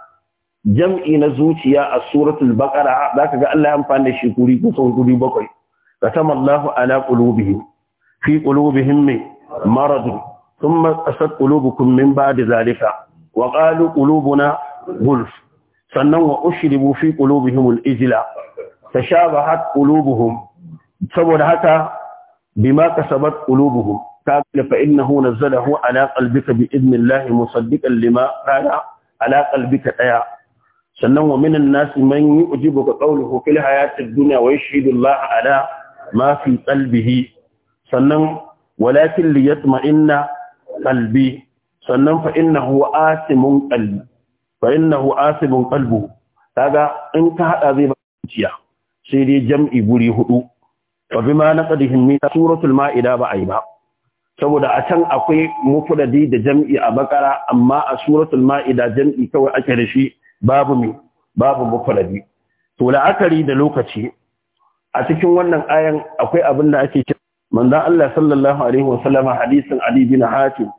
jam'i na zuciya a suratul baqara zaka ga Allah ya amfani da shi kuri ko sau kuri bakwai katamallahu ala qulubihim fi qulubihim marad thumma qasat qulubukum min ba'di zalika wa qalu qulubuna gulf sannan wa ushribu fi qulubihim al-ijla tashabahat qulubuhum saboda haka bima kasabat qulubuhum قال فإنه نزله على قلبك بإذن الله مصدقا لما قال على قلبك أيا sannan wa minan nasi man yu'jibuka qawluhu fil hayatid dunya wa yashhadu Allah ala ma fi qalbihi sannan walakin liyatma'inna qalbi sannan fa asimun qalbi fa asimun qalbu kaga in ka haɗa zai ba ciya sai dai jam'i guri hudu wa na naqadihim mita suratul ma'ida ba yi ba saboda a can akwai mufradi da jam'i a bakara amma a suratul ma'ida jam'i kawai ake da shi babu mai babu mufradi to la'akari da lokaci a cikin wannan ayan akwai abin da ake kira manzon Allah sallallahu alaihi wa sallam hadisin Ali bin Hatim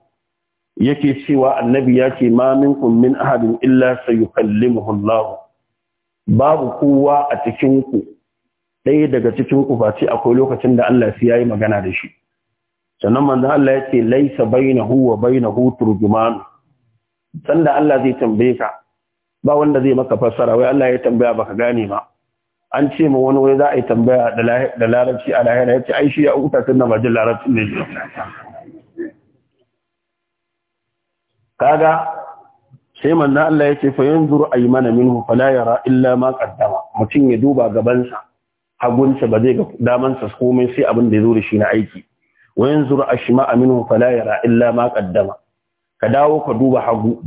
yake cewa annabi yake ma minkum min ahadin illa sayukallimuhu Allah babu kowa a cikin ku ɗaya daga cikin ku ba ce akwai lokacin da Allah sai yayi magana da shi sannan manzon Allah yake laisa bainahu wa bainahu turjuman sanda Allah zai tambaye ka ba wanda zai maka fassara wai Allah ya tambaya baka gane ma. an ce ma wani wai za a yi tambaya da larabci a lahira ya ce ai shi ya huta tun na majin larabci ne kaga sai manzan Allah ya ce fa yanzuru yi minhu fala yara illa ma qaddama mutum ya duba gabansa hagunsa ba zai ga damansa komai sai abin da ya zo da shi na aiki wa a ashma'a minhu fala yara illa ma qaddama ka dawo ka duba hagu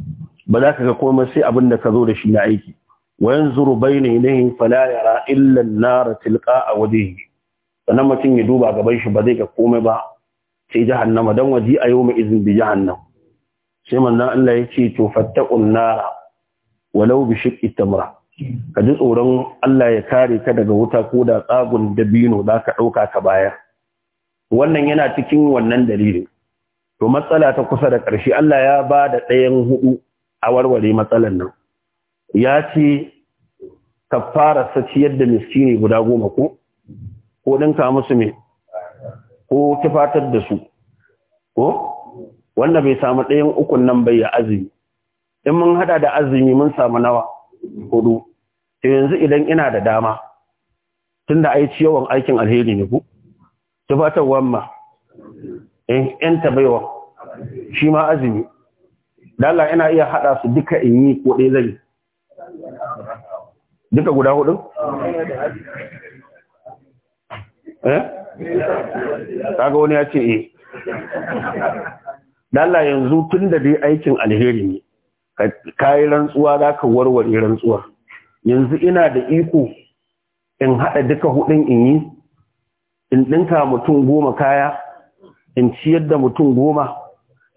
ba za ka ga komai sai abin da ka zo da shi na aiki وينظر بين يديه فلا يرى الا النار تلقاء وجهه sannan mutum ya duba gaban shi ba zai ga komai ba sai jahannama dan waji a yau mai izin bi jahannam sai manzon Allah ya ce to fattaqun nar walau bi shiqqi tamra ka ji tsoron Allah ya kare ka daga wuta ko da tsagun dabino za ka dauka ka baya wannan yana cikin wannan dalilin to matsala ta kusa da ƙarshe Allah ya ba da ɗayan hudu a warware matsalar nan ya ce ka fara saciyar da miskini guda goma ko ko ka musu mai? ko tufatar da su ko wanda bai samu ɗayan ukun nan bai ya azumi in mun hada da azumi mun samu nawa hudu to yanzu idan ina da dama tunda ai ciyawan aikin alheri ne ku tufatar wamma in eh, ta baiwa shi ma azumi Dala ina iya haɗa su duka in yi ko ɗaya zai. Duka guda hudu? Eh? ga wani ya ce eh. Dala yanzu tun da dai aikin alheri ne, ka rantsuwa za ka warware rantsuwa. Yanzu ina da iko in haɗa duka hudun in yi, in ɗinka mutum goma kaya, in ciyar da mutum goma,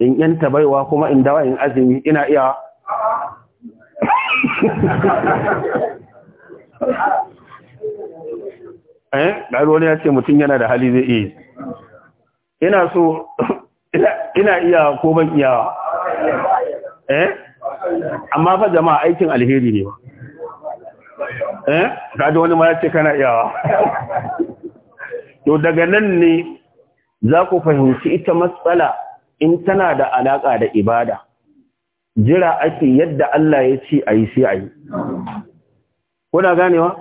in yanta baiwa kuma in dawa in azumi ina iya eh ɗari wani ya ce mutum yana da hali zai iya ina so ina iya ko ban iya eh amma fa jama'a aikin alheri ne ba eh kaji wani ma ya ce kana iyawa to daga nan ne za ku fahimci ita matsala in tana da alaƙa da ibada jira ake yadda Allah ya ce a yi sai a yi kuna ganewa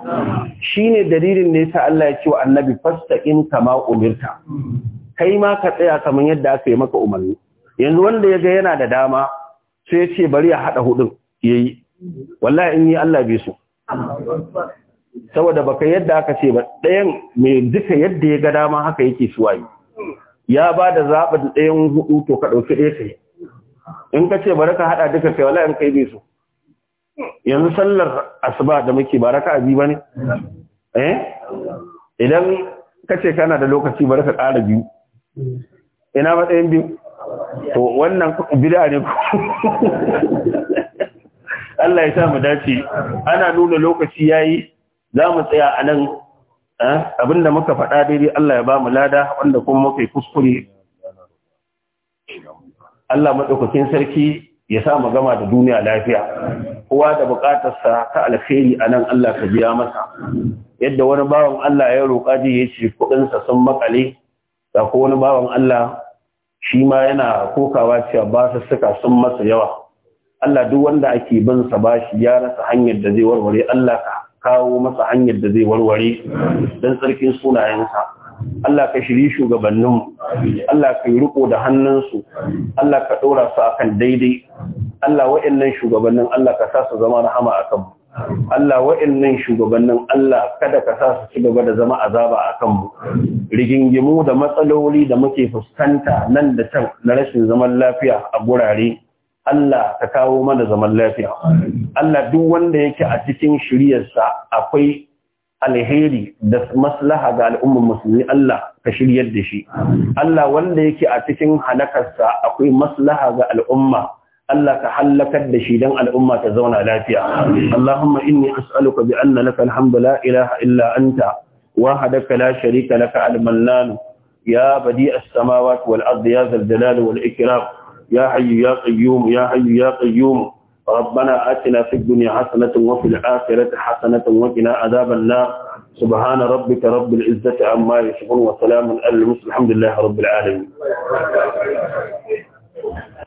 shine dalilin ya sa Allah ya ce wa annabi in kama umirta kai ma ka tsaya kamar yadda aka yi maka umarni yanzu wanda ya ga yana da dama sai ya ce bari ya haɗa hudun yayi wallahi in yi Allah bai so saboda baka yadda aka ce ba ɗayan mai duka yadda ya ga dama haka yake suwayi ya ba da zaɓin ɗayan hudu to ka ɗauki ɗaya sai in ka ce bari ka haɗa duka kai wala in kai bai so yanzu sallar asuba da muke ba a abi ba ne eh idan ka ce kana da lokaci bari ka ƙara biyu ina matsayin biyu to wannan bid'a ne Allah ya sa mu dace ana nuna lokaci yayi za mu tsaya a nan Eh, abinda muka faɗa daidai Allah ya ba mu lada wanda kuma muka kuskure Allah maɗaukakin sarki ya sa mu gama da duniya lafiya kowa da buƙatarsa ta alkhairi a nan Allah ka biya masa yadda wani bawan Allah ya roƙa ji ya ce kuɗinsa sun makale da ko wani bawan Allah shi ma yana kokawa cewa ba su suka sun masa yawa Allah duk wanda ake bin sa bashi ya rasa hanyar da zai warware Allah ka kawo masa hanyar da zai warware don tsarkin sunayensa Allah ka shiri shugabannin Allah ka yi riko da hannunsu Allah ka ɗora su akan daidai Allah wa'annan shugabannin Allah ka sa su zama rahama a kanmu Allah wa'annan shugabannin Allah kada ka sa su ci gaba da zama azaba a kanmu rigingimu da matsaloli da muke fuskanta nan da can na rashin zaman lafiya a gurare Allah ka kawo mana zaman lafiya Allah duk wanda yake a cikin shiryarsa akwai alheri da maslaha ga al'ummar musulmi Allah ka shiryar da shi Allah wanda yake a cikin halakarsa akwai maslaha ga al'umma Allah ka hallakar da shi don al'umma ta zauna lafiya. Allahumma inni as'aluka bi anna laka alhamdu la ilaha illa anta وحدك لا شريك لك المنان samawati بديع السماوات ya يا ذا الجلال والإكرام يا حي يا قيوم يا حي يا قيوم ربنا آتنا في الدنيا حسنة وفي الآخرة حسنة وقنا عذاب النار سبحان ربك رب العزة عما يصفون وسلام على المسلم الحمد لله رب العالمين